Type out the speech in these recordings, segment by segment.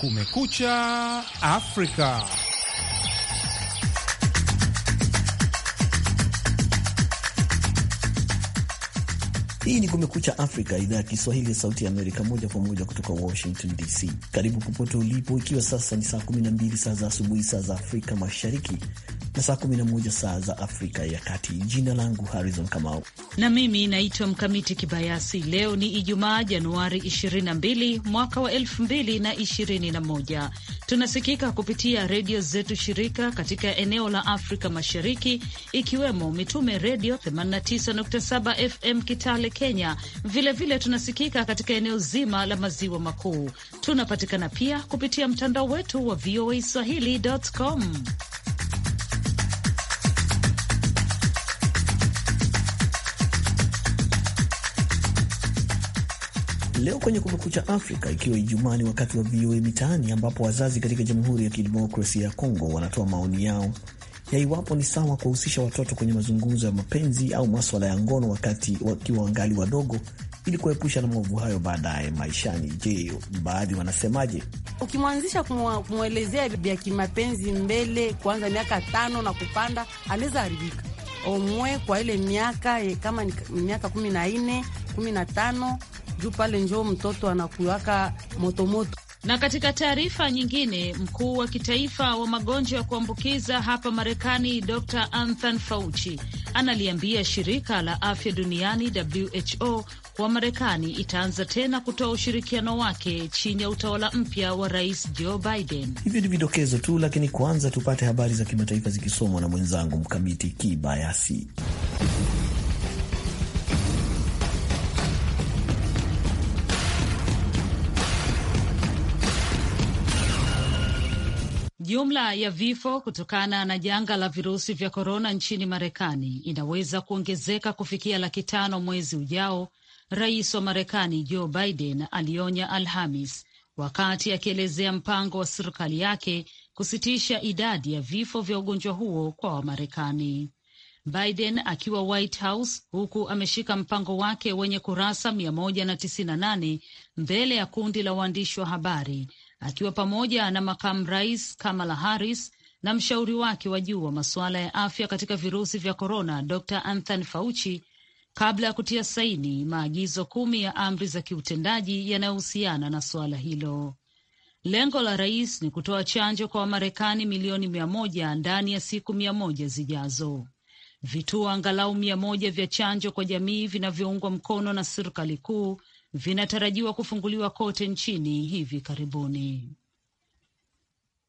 Kumekucha Afrika. Hii ni Kumekucha Afrika, idhaa ya Kiswahili ya Sauti ya Amerika, moja kwa moja kutoka Washington DC. Karibu popote ulipo, ikiwa sasa ni saa 12 saa za asubuhi, saa za Afrika Mashariki, na saa 11 saa za Afrika ya Kati. Jina langu Harrison Kamau na mimi naitwa Mkamiti Kibayasi. Leo ni Ijumaa, Januari 22 mwaka wa 2021. Tunasikika kupitia redio zetu shirika katika eneo la Afrika Mashariki, ikiwemo Mitume Redio 89.7 FM Kitale, Kenya. Vilevile vile tunasikika katika eneo zima la maziwa makuu. Tunapatikana pia kupitia mtandao wetu wa VOA swahili.com. leo kwenye Kumekucha Afrika, ikiwa Ijumaa ni wakati wa VOA Mitaani, ambapo wazazi katika Jamhuri ya Kidemokrasia ya Kongo wanatoa maoni yao ya iwapo ni sawa kuwahusisha watoto kwenye mazungumzo ya mapenzi au maswala ya ngono wakati wakiwa wangali wadogo ili kuepusha na maovu hayo baadaye maishani. Je, baadhi wanasemaje? Ukimwanzisha kumwelezea vya kimapenzi mbele, kuanza miaka tano na kupanda, anaweza haribika omwe kwa ile miaka e, kama miaka kumi na nne kumi na tano juu pale njoo mtoto anakuwaka motomoto. Na katika taarifa nyingine, mkuu wa kitaifa wa magonjwa ya kuambukiza hapa Marekani Dr Anthony Fauci analiambia shirika la afya duniani WHO kuwa Marekani itaanza tena kutoa ushirikiano wake chini ya utawala mpya wa Rais Joe Biden. Hivyo ni vidokezo tu, lakini kwanza tupate habari za kimataifa zikisomwa na mwenzangu Mkamiti Kibayasi. Jumla ya vifo kutokana na janga la virusi vya korona nchini Marekani inaweza kuongezeka kufikia laki tano mwezi ujao, rais wa Marekani Joe Biden alionya Alhamis wakati akielezea mpango wa serikali yake kusitisha idadi ya vifo vya ugonjwa huo kwa Wamarekani. Biden akiwa White House huku ameshika mpango wake wenye kurasa 198 mbele ya kundi la waandishi wa habari akiwa pamoja na makamu rais Kamala Harris na mshauri wake wa juu wa masuala ya afya katika virusi vya korona Dr Anthony Fauci kabla ya kutia saini maagizo kumi ya amri za kiutendaji yanayohusiana na suala hilo. Lengo la rais ni kutoa chanjo kwa Wamarekani milioni mia moja ndani ya siku mia moja zijazo. Vituo angalau mia moja vya chanjo kwa jamii vinavyoungwa mkono na serikali kuu vinatarajiwa kufunguliwa kote nchini hivi karibuni.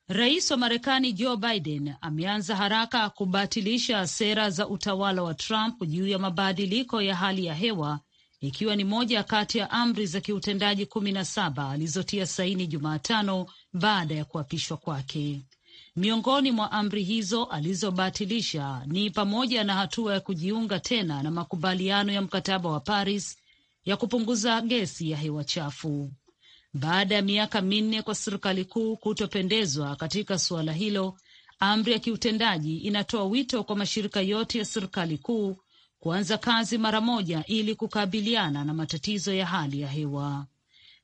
Rais wa Marekani Joe Biden ameanza haraka kubatilisha sera za utawala wa Trump juu ya mabadiliko ya hali ya hewa ikiwa ni moja kati ya amri za kiutendaji kumi na saba alizotia saini Jumatano baada ya kuapishwa kwake. Miongoni mwa amri hizo alizobatilisha ni pamoja na hatua ya kujiunga tena na makubaliano ya mkataba wa Paris ya kupunguza gesi ya hewa chafu. Baada ya miaka minne kwa serikali kuu kutopendezwa katika suala hilo, amri ya kiutendaji inatoa wito kwa mashirika yote ya serikali kuu kuanza kazi mara moja ili kukabiliana na matatizo ya hali ya hewa.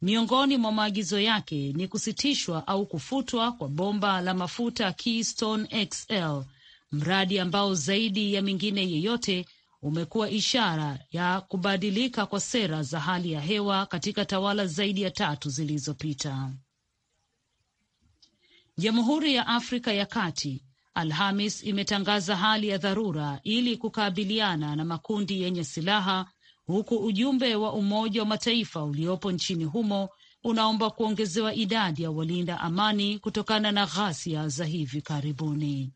Miongoni mwa maagizo yake ni kusitishwa au kufutwa kwa bomba la mafuta Keystone XL, mradi ambao zaidi ya mingine yeyote umekuwa ishara ya kubadilika kwa sera za hali ya hewa katika tawala zaidi ya tatu zilizopita. Jamhuri ya Afrika ya Kati Alhamis imetangaza hali ya dharura ili kukabiliana na makundi yenye silaha huku ujumbe wa Umoja wa Mataifa uliopo nchini humo unaomba kuongezewa idadi ya walinda amani kutokana na ghasia za hivi karibuni.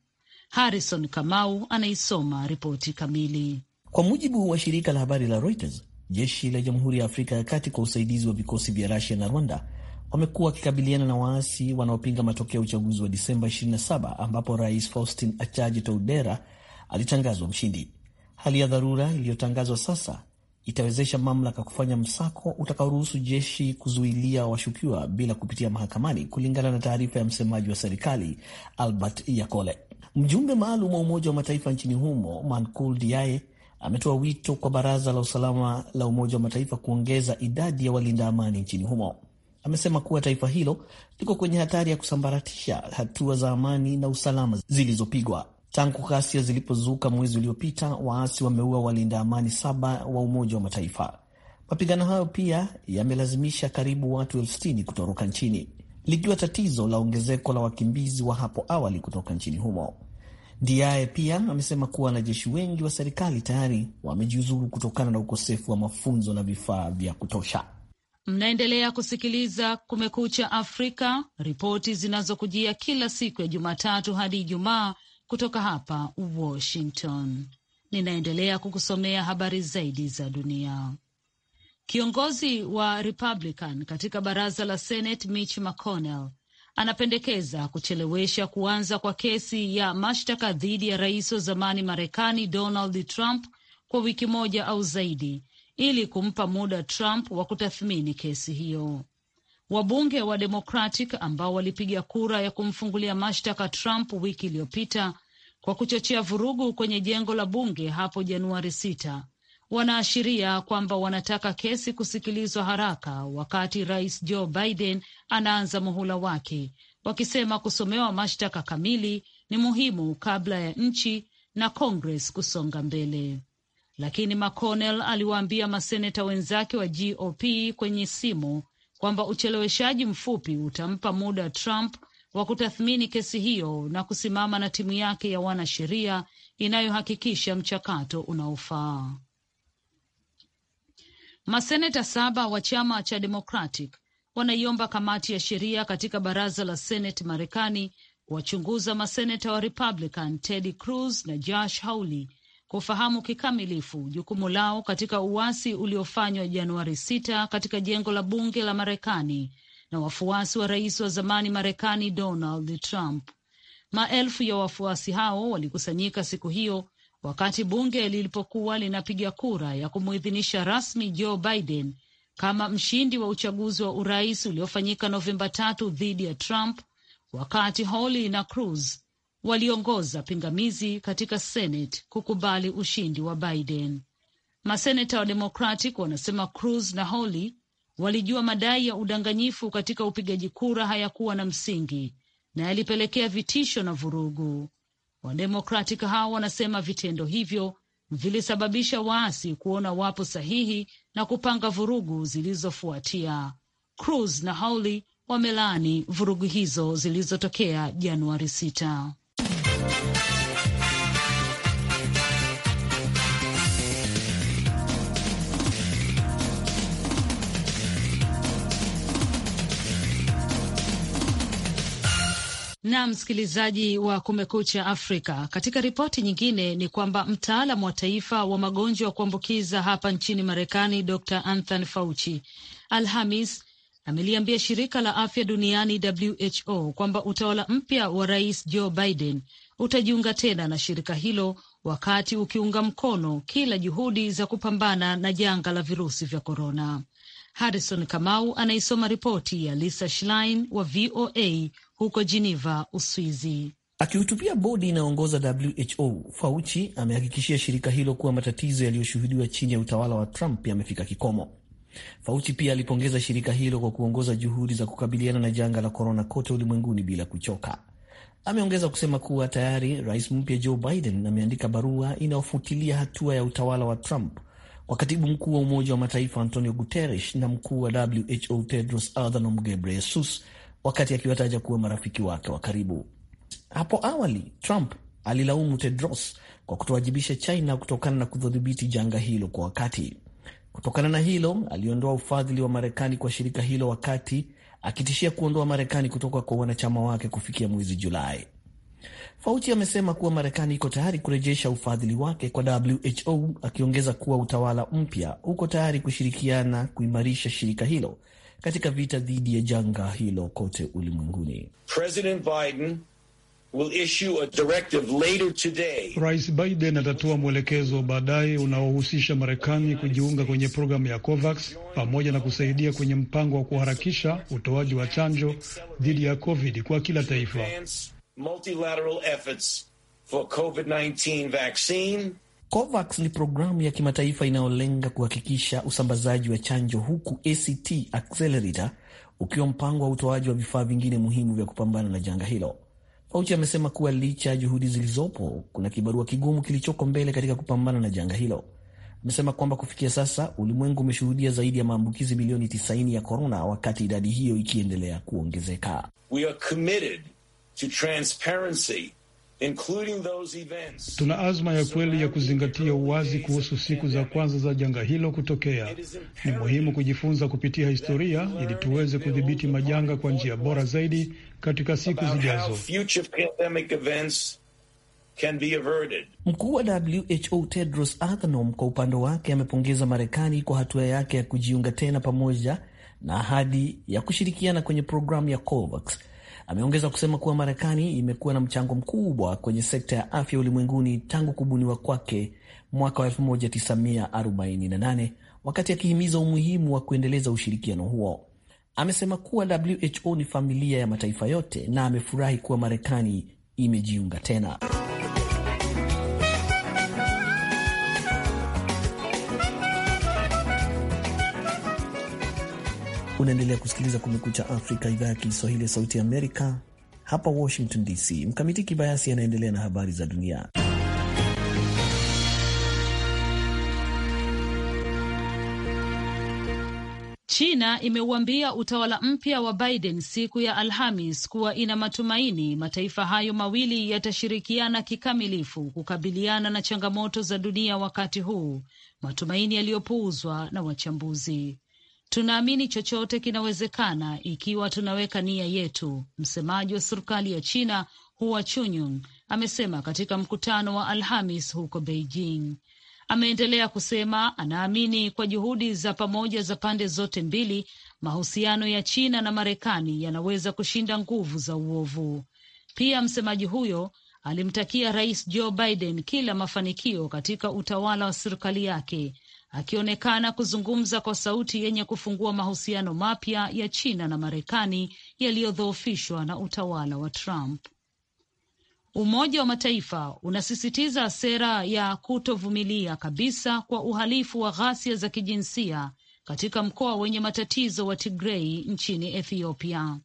Harrison Kamau anaisoma ripoti kamili. Kwa mujibu wa shirika la habari la Reuters, jeshi la Jamhuri ya Afrika ya Kati kwa usaidizi wa vikosi vya Rusia na Rwanda wamekuwa wakikabiliana na waasi wanaopinga matokeo ya uchaguzi wa Disemba 27 ambapo rais Faustin Achaji Toudera alitangazwa mshindi. Hali ya dharura iliyotangazwa sasa itawezesha mamlaka kufanya msako utakaoruhusu jeshi kuzuilia washukiwa bila kupitia mahakamani, kulingana na taarifa ya msemaji wa serikali Albert Yakole. Mjumbe maalum wa Umoja wa Mataifa nchini humo Mankul Diaye ametoa wito kwa Baraza la Usalama la Umoja wa Mataifa kuongeza idadi ya walinda amani nchini humo. Amesema kuwa taifa hilo liko kwenye hatari ya kusambaratisha hatua za amani na usalama zilizopigwa tangu ghasia zilipozuka mwezi uliopita. Waasi wameua walinda amani saba wa Umoja wa Mataifa. Mapigano hayo pia yamelazimisha karibu watu elfu sitini kutoroka nchini likiwa tatizo la ongezeko la wakimbizi wa hapo awali kutoka nchini humo. Diae pia amesema kuwa wanajeshi wengi wa serikali tayari wamejiuzuru kutokana na ukosefu wa mafunzo na vifaa vya kutosha. Mnaendelea kusikiliza Kumekucha Afrika, ripoti zinazokujia kila siku ya Jumatatu hadi Ijumaa kutoka hapa Washington. Ninaendelea kukusomea habari zaidi za dunia. Kiongozi wa Republican katika baraza la Senate Mitch McConnell anapendekeza kuchelewesha kuanza kwa kesi ya mashtaka dhidi ya rais wa zamani Marekani Donald Trump kwa wiki moja au zaidi ili kumpa muda Trump wa kutathmini kesi hiyo. Wabunge wa Democratic ambao walipiga kura ya kumfungulia mashtaka Trump wiki iliyopita kwa kuchochea vurugu kwenye jengo la bunge hapo Januari sita wanaashiria kwamba wanataka kesi kusikilizwa haraka wakati rais Joe Biden anaanza muhula wake, wakisema kusomewa mashtaka kamili ni muhimu kabla ya nchi na Congress kusonga mbele. Lakini McConnell aliwaambia maseneta wenzake wa GOP kwenye simu kwamba ucheleweshaji mfupi utampa muda Trump wa kutathmini kesi hiyo na kusimama na timu yake ya wanasheria inayohakikisha mchakato unaofaa. Maseneta saba wa chama cha Democratic wanaiomba kamati ya sheria katika baraza la Senate Marekani kuwachunguza maseneta wa Republican Ted Cruz na Josh Hawley kufahamu kikamilifu jukumu lao katika uasi uliofanywa Januari 6 katika jengo la bunge la Marekani na wafuasi wa rais wa zamani Marekani Donald Trump. Maelfu ya wafuasi hao walikusanyika siku hiyo wakati bunge lilipokuwa linapiga kura ya kumuidhinisha rasmi Joe Biden kama mshindi wa uchaguzi wa urais uliofanyika Novemba tatu dhidi ya Trump, wakati Hawley na Cruz waliongoza pingamizi katika Senate kukubali ushindi wa Biden. Maseneta wa Democratic wanasema Cruz na Hawley walijua madai ya udanganyifu katika upigaji kura hayakuwa na msingi na yalipelekea vitisho na vurugu. Wademokratic hao wanasema vitendo hivyo vilisababisha waasi kuona wapo sahihi na kupanga vurugu zilizofuatia. Cruz na Hawley wamelaani vurugu hizo zilizotokea Januari sita. na msikilizaji wa Kumekucha Afrika. Katika ripoti nyingine ni kwamba mtaalam wa taifa wa magonjwa ya kuambukiza hapa nchini Marekani, Dr Anthony Fauci Alhamis ameliambia shirika la afya duniani WHO kwamba utawala mpya wa rais Joe Biden utajiunga tena na shirika hilo wakati ukiunga mkono kila juhudi za kupambana na janga la virusi vya korona. Harrison Kamau anaisoma ripoti ya Lisa Schlein wa VOA huko Geneva, Uswizi. Akihutubia bodi inayoongoza WHO, Fauci amehakikishia shirika hilo kuwa matatizo yaliyoshuhudiwa chini ya utawala wa Trump yamefika kikomo. Fauci pia alipongeza shirika hilo kwa kuongoza juhudi za kukabiliana na janga la korona kote ulimwenguni bila kuchoka. Ameongeza kusema kuwa tayari rais mpya Joe Biden ameandika barua inayofutilia hatua ya utawala wa Trump kwa katibu mkuu wa Umoja wa Mataifa Antonio Guterres na mkuu wa WHO Tedros Adhanom Ghebreyesus wakati akiwataja kuwa marafiki wake wa karibu. Hapo awali Trump alilaumu Tedros kwa kutowajibisha China kutokana na kutodhibiti janga hilo kwa wakati. Kutokana na hilo, aliondoa ufadhili wa Marekani kwa shirika hilo wakati akitishia kuondoa Marekani kutoka kwa wanachama wake kufikia mwezi Julai. Fauci amesema kuwa Marekani iko tayari kurejesha ufadhili wake kwa WHO, akiongeza kuwa utawala mpya uko tayari kushirikiana kuimarisha shirika hilo katika vita dhidi ya janga hilo kote ulimwenguni. Rais Biden atatoa mwelekezo baadaye unaohusisha Marekani kujiunga kwenye programu ya COVAX pamoja na kusaidia kwenye mpango wa kuharakisha utoaji wa chanjo dhidi ya COVID kwa kila taifa. COVAX ni programu ya kimataifa inayolenga kuhakikisha usambazaji wa chanjo huku ACT Accelerator ukiwa mpango wa utoaji wa vifaa vingine muhimu vya kupambana na janga hilo. Fauci amesema kuwa licha ya juhudi zilizopo, kuna kibarua kigumu kilichoko mbele katika kupambana na janga hilo. Amesema kwamba kufikia sasa ulimwengu umeshuhudia zaidi ya maambukizi milioni 90 ya korona, wakati idadi hiyo ikiendelea kuongezeka. We are committed to transparency Tuna azma ya kweli ya kuzingatia uwazi kuhusu siku za kwanza za janga hilo kutokea. Ni muhimu kujifunza kupitia historia ili tuweze kudhibiti majanga kwa njia bora zaidi katika siku zijazo. Mkuu wa WHO Tedros Adhanom kwa upande wake amepongeza Marekani kwa hatua yake ya kujiunga tena pamoja na ahadi ya kushirikiana kwenye programu ya COVAX Ameongeza kusema kuwa Marekani imekuwa na mchango mkubwa kwenye sekta ya afya ulimwenguni tangu kubuniwa kwake mwaka wa 1948 wakati akihimiza umuhimu wa kuendeleza ushirikiano huo. Amesema kuwa WHO ni familia ya mataifa yote na amefurahi kuwa Marekani imejiunga tena. Unaendelea kusikiliza Kumekucha Afrika, idhaa ya Kiswahili ya Sauti ya Amerika, hapa Washington DC. Mkamiti Kibayasi anaendelea na habari za dunia. China imeuambia utawala mpya wa Biden siku ya Alhamis kuwa ina matumaini mataifa hayo mawili yatashirikiana kikamilifu kukabiliana na changamoto za dunia wakati huu, matumaini yaliyopuuzwa na wachambuzi. Tunaamini chochote kinawezekana ikiwa tunaweka nia yetu, msemaji wa serikali ya China Hua chunyung amesema katika mkutano wa Alhamis huko Beijing. Ameendelea kusema anaamini kwa juhudi za pamoja za pande zote mbili, mahusiano ya China na Marekani yanaweza kushinda nguvu za uovu. Pia msemaji huyo alimtakia Rais Joe Biden kila mafanikio katika utawala wa serikali yake akionekana kuzungumza kwa sauti yenye kufungua mahusiano mapya ya China na Marekani yaliyodhoofishwa na utawala wa Trump. Umoja wa Mataifa unasisitiza sera ya kutovumilia kabisa kwa uhalifu wa ghasia za kijinsia katika mkoa wenye matatizo wa Tigrei nchini Ethiopia.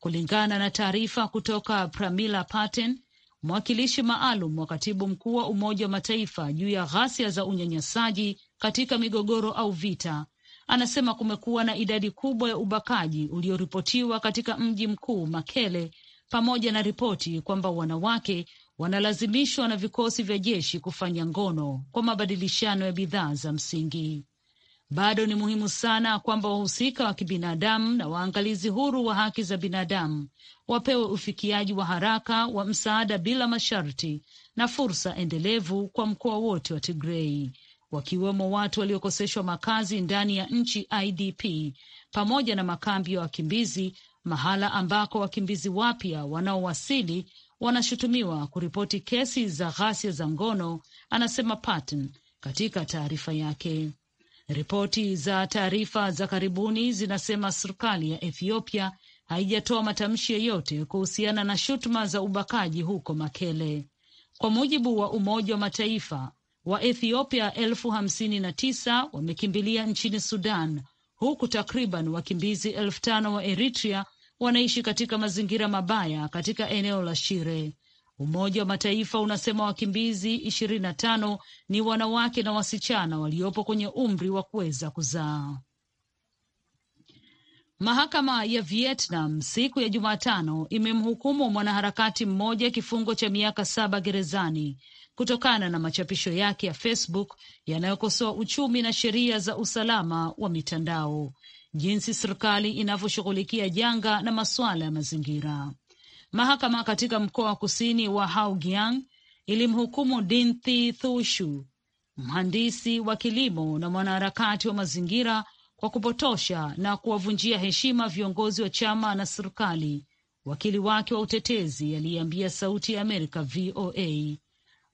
Kulingana na taarifa kutoka Pramila Patten, mwakilishi maalum wa katibu mkuu wa Umoja wa Mataifa juu ya ghasia za unyanyasaji katika migogoro au vita. Anasema kumekuwa na idadi kubwa ya ubakaji ulioripotiwa katika mji mkuu Makele, pamoja na ripoti kwamba wanawake wanalazimishwa na vikosi vya jeshi kufanya ngono kwa mabadilishano ya bidhaa za msingi. Bado ni muhimu sana kwamba wahusika wa kibinadamu na waangalizi huru wa haki za binadamu wapewe ufikiaji wa haraka wa msaada bila masharti na fursa endelevu kwa mkoa wote wa Tigrei wakiwemo watu waliokoseshwa makazi ndani ya nchi IDP pamoja na makambi ya wa wakimbizi, mahala ambako wakimbizi wapya wanaowasili wanashutumiwa kuripoti kesi za ghasia za ngono, anasema Patton katika taarifa yake. Ripoti za taarifa za karibuni zinasema serikali ya Ethiopia haijatoa matamshi yoyote kuhusiana na shutuma za ubakaji huko Makele. Kwa mujibu wa Umoja wa Mataifa, ethiopia elfu hamsini na tisa wamekimbilia nchini Sudan, huku takriban wakimbizi elfu tano wa Eritrea wanaishi katika mazingira mabaya katika eneo la Shire. Umoja wa Mataifa unasema wakimbizi ishirini na tano ni wanawake na wasichana waliopo kwenye umri wa kuweza kuzaa. Mahakama ya Vietnam siku ya Jumatano imemhukumu mwanaharakati mmoja kifungo cha miaka saba gerezani kutokana na machapisho yake ya Facebook yanayokosoa uchumi na sheria za usalama wa mitandao, jinsi serikali inavyoshughulikia janga na masuala ya mazingira. Mahakama katika mkoa wa kusini wa Haugiang ilimhukumu Dinthi Thushu, mhandisi wa kilimo na mwanaharakati wa mazingira kwa kupotosha na kuwavunjia heshima viongozi wa chama na serikali, wakili wake wa utetezi aliyeambia Sauti ya Amerika VOA.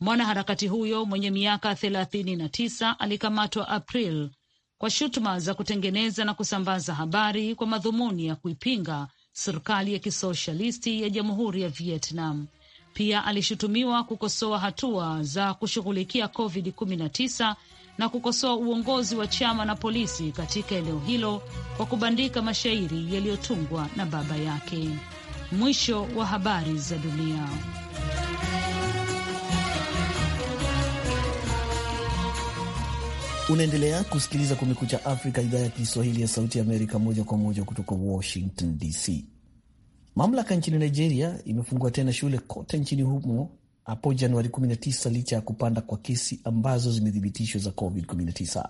Mwanaharakati huyo mwenye miaka thelathini na tisa alikamatwa April kwa shutuma za kutengeneza na kusambaza habari kwa madhumuni ya kuipinga serikali ya kisoshalisti ya jamhuri ya Vietnam. Pia alishutumiwa kukosoa hatua za kushughulikia COVID-19 na kukosoa uongozi wa chama na polisi katika eneo hilo kwa kubandika mashairi yaliyotungwa na baba yake. Mwisho wa habari za dunia. Unaendelea kusikiliza Kumekucha Afrika, idhaa ya Kiswahili ya Sauti ya Amerika, moja kwa moja kutoka Washington DC. Mamlaka nchini Nigeria imefungua tena shule kote nchini humo hapo Januari 19 licha ya kupanda kwa kesi ambazo zimethibitishwa za COVID-19.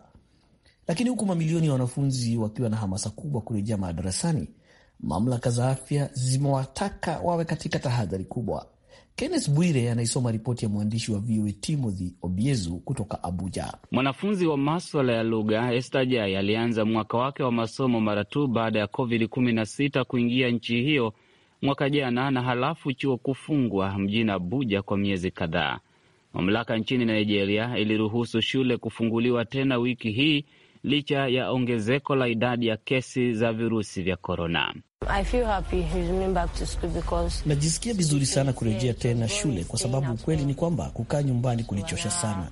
Lakini huku mamilioni ya wanafunzi wakiwa na hamasa kubwa kurejea madarasani, mamlaka za afya zimewataka wawe katika tahadhari kubwa. Kennes Bwire anaisoma ripoti ya mwandishi wa VOA Timothy Obiezu kutoka Abuja. Mwanafunzi wa maswala ya lugha Esther Jai alianza mwaka wake wa masomo mara tu baada ya COVID-19 kuingia nchi hiyo mwaka jana na halafu chuo kufungwa mjini Abuja kwa miezi kadhaa. Mamlaka nchini Nigeria iliruhusu shule kufunguliwa tena wiki hii licha ya ongezeko la idadi ya kesi za virusi vya korona. Najisikia vizuri sana kurejea tena shule, kwa sababu ukweli ni kwamba kukaa nyumbani kulichosha sana.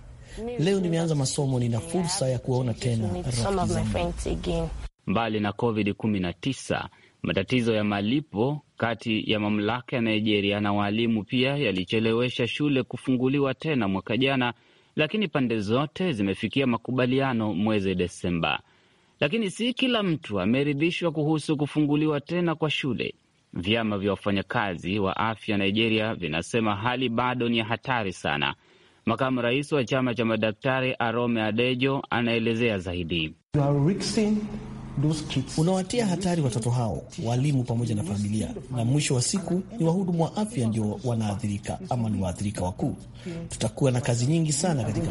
Leo nimeanza masomo, nina fursa ya kuwaona tena rafiki zangu. Mbali na COVID-19, matatizo ya malipo kati ya mamlaka ya Nigeria na waalimu pia yalichelewesha shule kufunguliwa tena mwaka jana, lakini pande zote zimefikia makubaliano mwezi Desemba. Lakini si kila mtu ameridhishwa kuhusu kufunguliwa tena kwa shule. Vyama vya wafanyakazi wa afya Nigeria vinasema hali bado ni hatari sana. Makamu rais wa chama cha madaktari Arome Adejo anaelezea zaidi unawatia hatari watoto hao, walimu pamoja na familia, na mwisho wa siku ni wahudumu wa afya ndio wanaathirika ama ni waathirika wakuu. Tutakuwa na kazi nyingi sana katika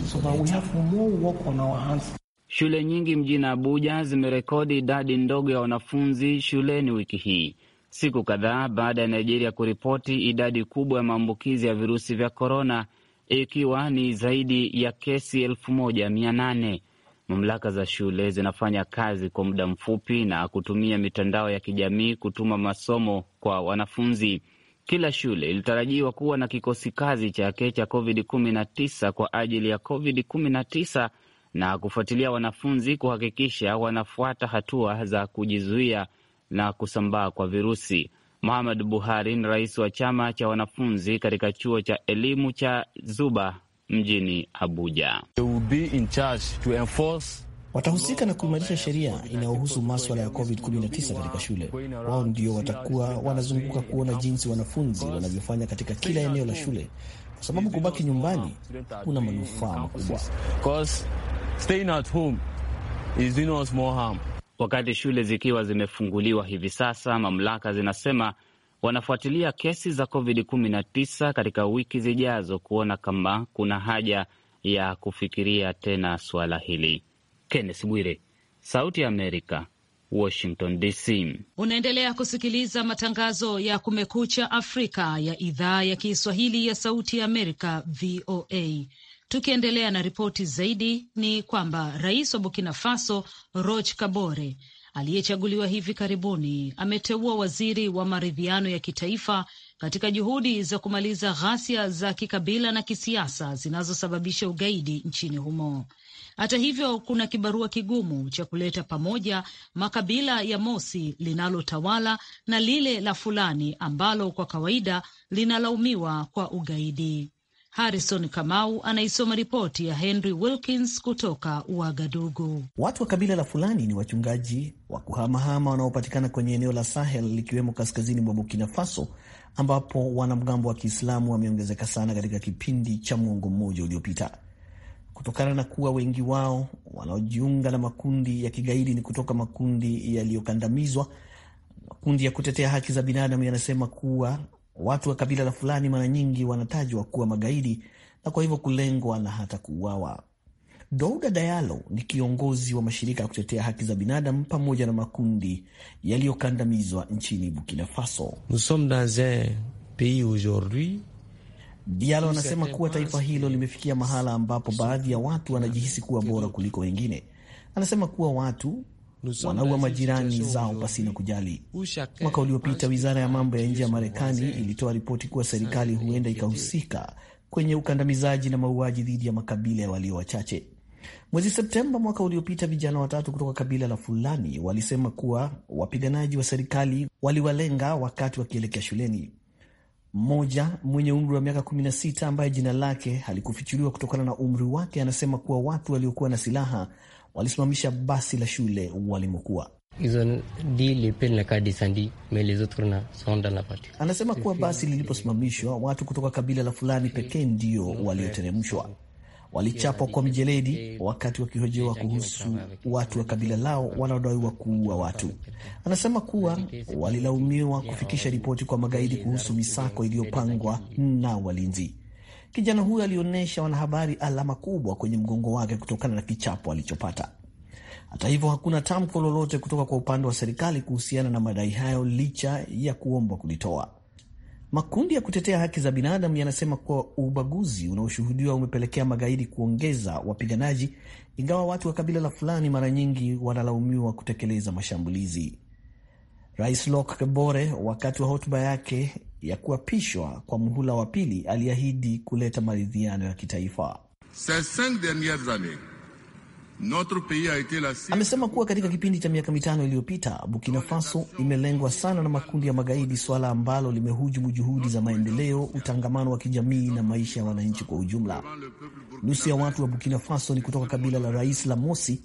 Shule nyingi mjini Abuja zimerekodi idadi ndogo ya wanafunzi shuleni wiki hii, siku kadhaa baada ya Nigeria kuripoti idadi kubwa ya maambukizi ya virusi vya korona, ikiwa ni zaidi ya kesi elfu moja mia nane mamlaka za shule zinafanya kazi kwa muda mfupi na kutumia mitandao ya kijamii kutuma masomo kwa wanafunzi. Kila shule ilitarajiwa kuwa na kikosi kazi chake cha COVID-19 kwa ajili ya COVID-19 na kufuatilia wanafunzi kuhakikisha wanafuata hatua za kujizuia na kusambaa kwa virusi. Muhammad Buhari ni rais wa chama cha wanafunzi katika chuo cha elimu cha Zuba mjini Abuja. Watahusika na kuimarisha sheria inayohusu maswala ya COVID-19 katika shule. Wao ndio watakuwa wanazunguka kuona jinsi wanafunzi wanavyofanya katika kila eneo la shule, kwa sababu kubaki nyumbani kuna manufaa makubwa. Wakati shule zikiwa zimefunguliwa hivi sasa, mamlaka zinasema wanafuatilia kesi za COVID-19 katika wiki zijazo kuona kama kuna haja ya kufikiria tena suala hili. Kenneth Bwire, Sauti ya Amerika, Washington DC. Unaendelea kusikiliza matangazo ya Kumekucha Afrika ya idhaa ya Kiswahili ya Sauti ya Amerika, VOA. Tukiendelea na ripoti zaidi, ni kwamba rais wa Burkina Faso Roch Kabore aliyechaguliwa hivi karibuni ameteua waziri wa maridhiano ya kitaifa katika juhudi za kumaliza ghasia za kikabila na kisiasa zinazosababisha ugaidi nchini humo. Hata hivyo, kuna kibarua kigumu cha kuleta pamoja makabila ya Mosi linalotawala na lile la Fulani ambalo kwa kawaida linalaumiwa kwa ugaidi. Harrison Kamau anaisoma ripoti ya Henry Wilkins kutoka Uagadugu. Watu wa kabila la Fulani ni wachungaji wa kuhamahama wanaopatikana kwenye eneo la Sahel likiwemo kaskazini mwa Burkina Faso, ambapo wanamgambo wa Kiislamu wameongezeka sana katika kipindi cha mwongo mmoja uliopita, kutokana na kuwa wengi wao wanaojiunga na makundi ya kigaidi ni kutoka makundi yaliyokandamizwa. Makundi ya kutetea haki za binadamu yanasema kuwa Watu wa kabila la Fulani mara nyingi wanatajwa kuwa magaidi na kwa hivyo kulengwa na hata kuuawa. Douda Dayalo ni kiongozi wa mashirika ya kutetea haki za binadamu pamoja na makundi yaliyokandamizwa nchini Burkina Faso. Dialo anasema kuwa taifa hilo limefikia mahala ambapo baadhi ya watu wanajihisi kuwa bora kuliko wengine. Anasema kuwa watu wanaua majirani zao pasina kujali. Mwaka uliopita wizara ya mambo ya nje ya Marekani ilitoa ripoti kuwa serikali huenda ikahusika kwenye ukandamizaji na mauaji dhidi ya makabila ya walio wachache. Mwezi Septemba mwaka uliopita, vijana watatu kutoka kabila la Fulani walisema kuwa wapiganaji wa serikali waliwalenga wakati wakielekea shuleni. Mmoja mwenye umri wa miaka 16 ambaye jina lake halikufichuliwa kutokana na umri wake, anasema kuwa watu waliokuwa na silaha walisimamisha basi la shule walimokuwa. Anasema kuwa basi liliposimamishwa, watu kutoka kabila la fulani pekee ndio walioteremshwa walichapwa kwa mijeledi wakati wakihojewa kuhusu watu wa kabila lao wanaodaiwa kuua watu. Anasema kuwa walilaumiwa kufikisha ripoti kwa magaidi kuhusu misako iliyopangwa na walinzi. Kijana huyo alionyesha wanahabari alama kubwa kwenye mgongo wake kutokana na kichapo alichopata. Hata hivyo, hakuna tamko lolote kutoka kwa upande wa serikali kuhusiana na madai hayo licha ya kuombwa kulitoa. Makundi ya kutetea haki za binadamu yanasema kuwa ubaguzi unaoshuhudiwa umepelekea magaidi kuongeza wapiganaji, ingawa watu wa kabila la fulani mara nyingi wanalaumiwa kutekeleza mashambulizi. Rais Lok Kebore, wakati wa hotuba yake ya kuapishwa kwa muhula wa pili aliahidi kuleta maridhiano ya kitaifa. Amesema kuwa katika kipindi cha miaka mitano iliyopita Burkina Faso imelengwa sana na makundi ya magaidi, suala ambalo limehujumu juhudi za maendeleo, utangamano wa kijamii na maisha ya wananchi kwa ujumla. Nusu ya watu wa Burkina Faso ni kutoka kabila la rais la Mosi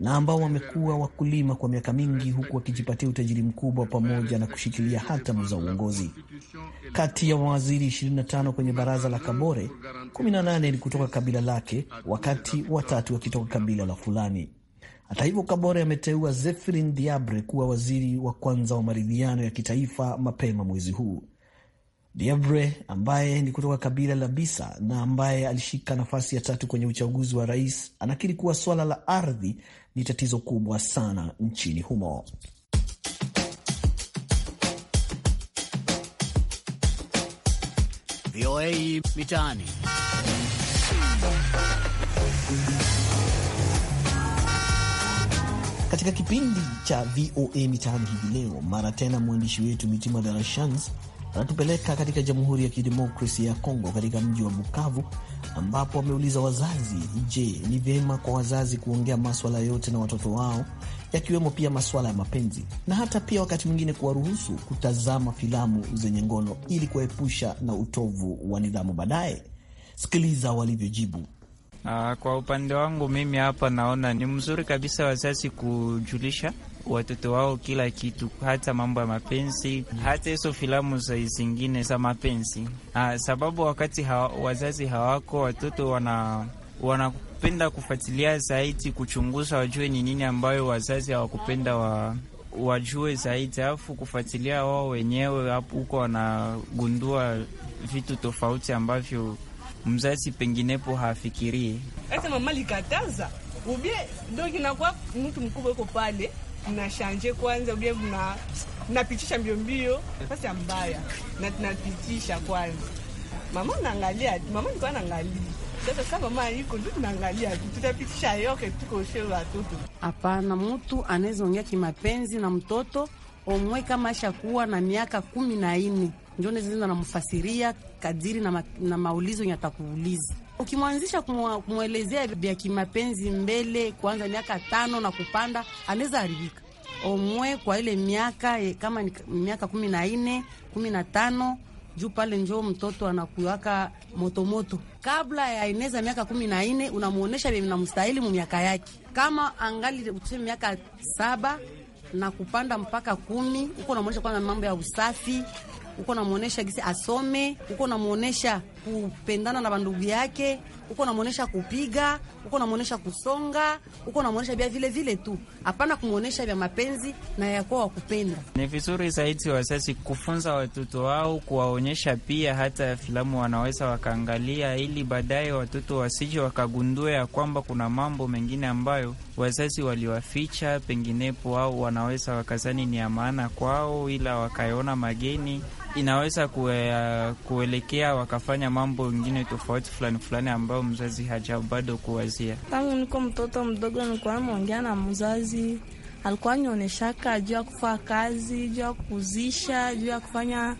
na ambao wamekuwa wakulima kwa miaka mingi huku wakijipatia utajiri mkubwa pamoja na kushikilia hatamu za uongozi. Kati ya mawaziri 25 kwenye baraza la Kabore, 18 ni kutoka kabila lake, wakati watatu wakitoka kabila la Fulani. Hata hivyo, Kabore ameteua Zefrin Diabre kuwa waziri wa kwanza wa maridhiano ya kitaifa mapema mwezi huu. Diabre ambaye ni kutoka kabila la Bisa na ambaye alishika nafasi ya tatu kwenye uchaguzi wa rais anakiri kuwa swala la ardhi ni tatizo kubwa sana nchini humo. VOA Mitaani. Katika kipindi cha VOA Mitaani hivi leo, mara tena mwandishi wetu Mitima Darashans anatupeleka katika Jamhuri ya Kidemokrasia ya Kongo, katika mji wa Bukavu, ambapo wameuliza wazazi, je, ni vyema kwa wazazi kuongea maswala yote na watoto wao yakiwemo pia maswala ya mapenzi na hata pia wakati mwingine kuwaruhusu kutazama filamu zenye ngono ili kuwaepusha na utovu wa nidhamu baadaye? Sikiliza walivyojibu. Ah, kwa upande wangu mimi hapa naona ni mzuri kabisa wazazi kujulisha watoto wao kila kitu, hata mambo ya mapenzi, hata hizo filamu za zingine za mapenzi, sababu wakati hawa, wazazi hawako, watoto wana wanapenda kufuatilia zaidi, kuchunguza, wajue ni nini ambayo wazazi hawakupenda wa wajue zaidi, alafu kufuatilia wao wenyewe hapo huko wanagundua vitu tofauti ambavyo mzazi penginepo hafikirie. Hata mama likataza ubie ndo kinakuwa mtu mkubwa uko pale mnashanje kwanza ubia mna napitisha mbio mbio, nafasi ya mbaya na tunapitisha kwanza. Mama naangalia, mama nilikuwa naangalia sasa. Sasa mama iko ndio tunaangalia, tutapitisha yoke tukoshe watoto. Hapana, mtu anaweza ongea kimapenzi na mtoto omwe kama ashakuwa na miaka kumi na nne ndio na namfasiria kadiri na, ma, na maulizo yenye atakuuliza ukimwanzisha kumwelezea vya kimapenzi mbele, kuanza miaka tano na kupanda, anaweza haribika omwe kwa ile miaka kama ni miaka kumi na nne kumi na tano juu pale njo mtoto anakuwaka motomoto. Kabla ya eneza miaka kumi na nne unamwonyesha vye mstahili mu miaka yake. Kama angali tuseme miaka saba na kupanda mpaka kumi, huko unamuonesha kwanza mambo ya usafi, huko unamuonesha gisi asome, huko unamuonesha kupendana na bandugu yake, uko namuonesha kupiga, uko namuonesha kusonga, uko namuonesha bia vile vile tu, hapana kumuonesha vya mapenzi na yakuwa wakupenda. Ni vizuri zaidi wazazi kufunza watoto wao, kuwaonyesha pia hata filamu wanaweza wakaangalia, ili baadaye watoto wasije wakagundua ya kwamba kuna mambo mengine ambayo wazazi waliwaficha penginepo, au wanaweza wakazani ni ya maana kwao, ila wakaona mageni inaweza kue, uh, kuelekea wakafanya mambo ingine tofauti fulani fulani ambayo mzazi haja bado kuwazia. Tangu niko mtoto mdogo nikuwa naongea na mzazi alikuwa nionyeshaka juu ya kufaa kazi, juu ya kuzisha, juu ya kufanya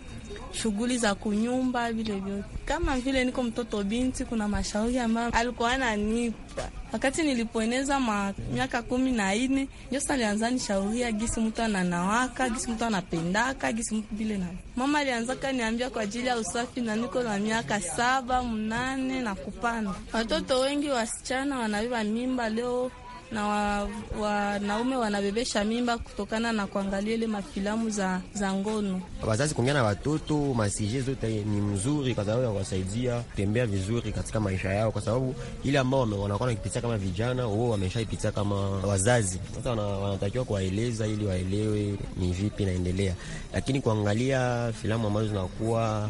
shughuli za kunyumba, vile vyote. Kama vile niko mtoto binti, kuna mashauri ambayo alikuwa ananipa wakati nilipoeneza ma miaka kumi na nne, ndio sasa alianza nishauria gisi mtu ananawaka, gisi mtu anapendaka, gisi mtu vile na mama alianza kaniambia kwa ajili ya usafi, na niko na miaka saba mnane na kupanda. Watoto wengi wasichana wanaviva mimba leo na wanaume wa wanabebesha mimba kutokana na kuangalia ile mafilamu za, za ngono. Wazazi kuongea na watoto masije zote ni mzuri, kwa sababu yakuwasaidia kutembea vizuri katika maisha yao, kwa sababu ile ambao wanakuwa nakipitia kama vijana wao wameshaipitia kama wazazi. Sasa wanatakiwa kuwaeleza ili waelewe ni vipi naendelea, lakini kuangalia filamu ambazo zinakuwa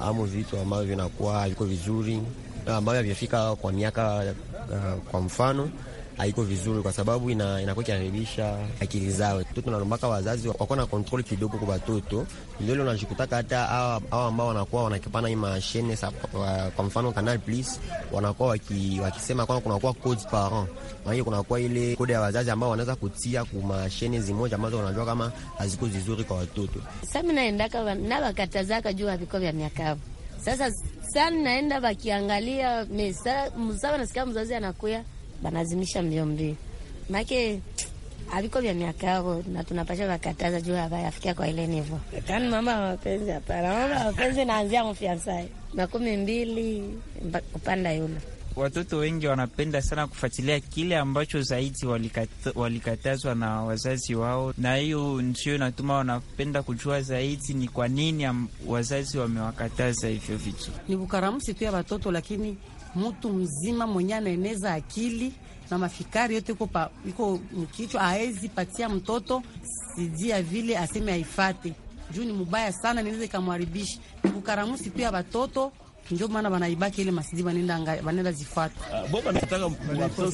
amu vitu ambavyo vinakuwa viko vizuri ambavyo vifika kwa miaka uh, kwa mfano haiko vizuri, kwa sababu inakuwa ina, ikiharibisha akili zao. Nalombaka wazazi wakuwa na kontroli kidogo kwa watoto, ndio ile unajikutaka hata hao ambao wanakuwa wanakipana hii mashine kwa mfano Canal Plus wanakuwa waki, wakisema kwamba kunakuwa codes parent, maana kunakuwa ile kode ya wazazi ambao wanaweza kutia kumashene zimoja ambazo wanajua kama haziko vizuri kwa watoto. Sami naendaka na wakatazaka juu viko vya miaka sasa sana naenda wakiangalia msawa, nasikia mzazi anakuya banazimisha mbio mbio, make aviko vya miaka yao na tunapasha vakataza juu havayafikia kwa ile nivo. Kani mama ya mapenzi? Hapana, mama ya mapenzi naanzia mfiansae makumi mbili kupanda yule watoto wengi wanapenda sana kufuatilia kile ambacho zaidi walikata, walikatazwa na wazazi wao, na hiyo ndio inatuma wanapenda kujua zaidi ni kwa nini wazazi wamewakataza hivyo vitu. Ni ukaramusi tu ya watoto, lakini mtu mzima mwenye anaeneza akili na mafikari yote iko iko mkichwa, aezi patia mtoto sijia vile aseme aifate juu ni mubaya sana, niweze ikamwaribisha kukaramusi tu ya watoto ndio maana wanaibaki ile masidi wanaenda wanaenda zifuata uh, boba nataka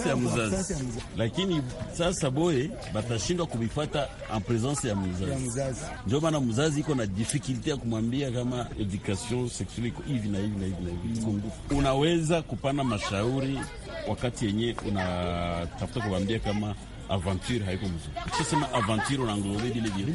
ya mzazi, lakini sasa boye batashindwa kubifuata en presence ya mzazi. Ndio maana mzazi iko na difficulty ya kumwambia kama education sexuelle iko hivi na hivi na hivi na hivi mm. Unaweza kupana mashauri wakati yenye unatafuta kumwambia kama aventure haiko mzuri. Ukisema aventure na nglobe vile vile.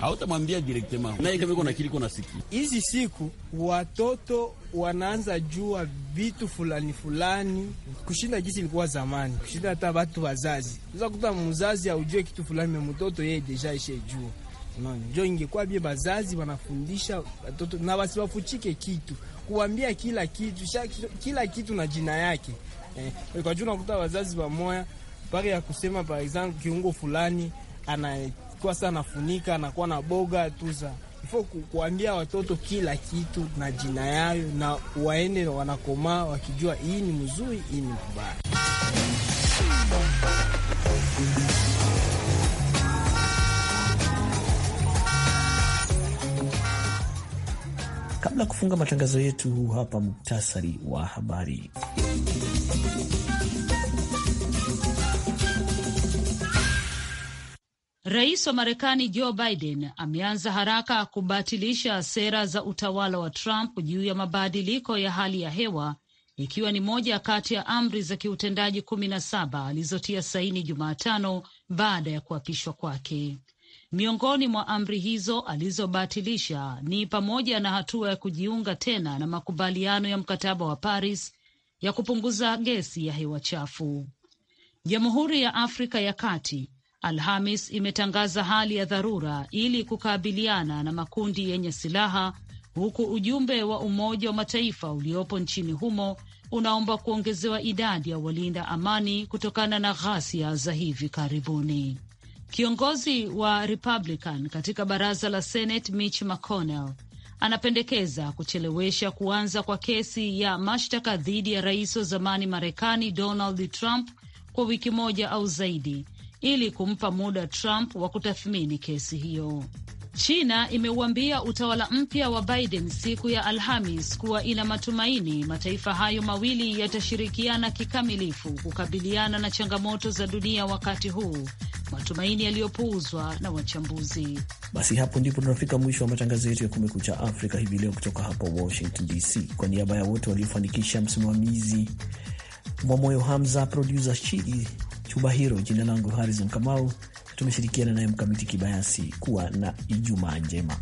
Hautamwambia directement. Na kama iko na kile iko na siki. Hizi siku watoto wanaanza jua vitu fulani fulani kushinda jinsi ilikuwa zamani, kushinda hata watu wazazi. Unaweza kuta mzazi aujue kitu fulani na mtoto yeye deja ishejua. Unaona? Jo, ingekuwa bie bazazi wanafundisha watoto na wasiwafuchike kitu. Kuambia kila kitu, kila kitu na jina yake. Eh, kwa juu unakuta wazazi wa moya mpaka ya kusema par exemple kiungo fulani anakuwa sana anafunika anakuwa na boga tuza ifo kuambia watoto kila kitu na jina yayo, na waende wanakomaa wakijua hii ni mzuri, hii ni mbaya. Kabla ya kufunga matangazo yetu hapa, muktasari wa habari. Rais wa Marekani Joe Biden ameanza haraka kubatilisha sera za utawala wa Trump juu ya mabadiliko ya hali ya hewa ikiwa ni moja kati ya amri za kiutendaji kumi na saba alizotia saini Jumatano baada ya kuapishwa kwake. Miongoni mwa amri hizo alizobatilisha ni pamoja na hatua ya kujiunga tena na makubaliano ya mkataba wa Paris ya kupunguza gesi ya hewa chafu. Jamhuri ya Afrika ya Kati Alhamis imetangaza hali ya dharura ili kukabiliana na makundi yenye silaha huku ujumbe wa Umoja wa Mataifa uliopo nchini humo unaomba kuongezewa idadi ya walinda amani kutokana na ghasia za hivi karibuni. Kiongozi wa Republican katika baraza la Senate Mitch McConnell anapendekeza kuchelewesha kuanza kwa kesi ya mashtaka dhidi ya rais wa zamani Marekani Donald Trump kwa wiki moja au zaidi ili kumpa muda Trump wa kutathmini kesi hiyo. China imeuambia utawala mpya wa Biden siku ya Alhamis kuwa ina matumaini mataifa hayo mawili yatashirikiana kikamilifu kukabiliana na changamoto za dunia wakati huu, matumaini yaliyopuuzwa na wachambuzi. Basi hapo ndipo tunafika mwisho wa matangazo yetu ya Kumekucha Afrika hivi leo, kutoka hapa Washington DC. Kwa niaba ya wote waliofanikisha, msimamizi Mwamoyo Hamza, produsa Chidi chumba hilo. Jina langu Harrison Kamau, tumeshirikiana naye Mkamiti Kibayasi. Kuwa na Ijumaa njema.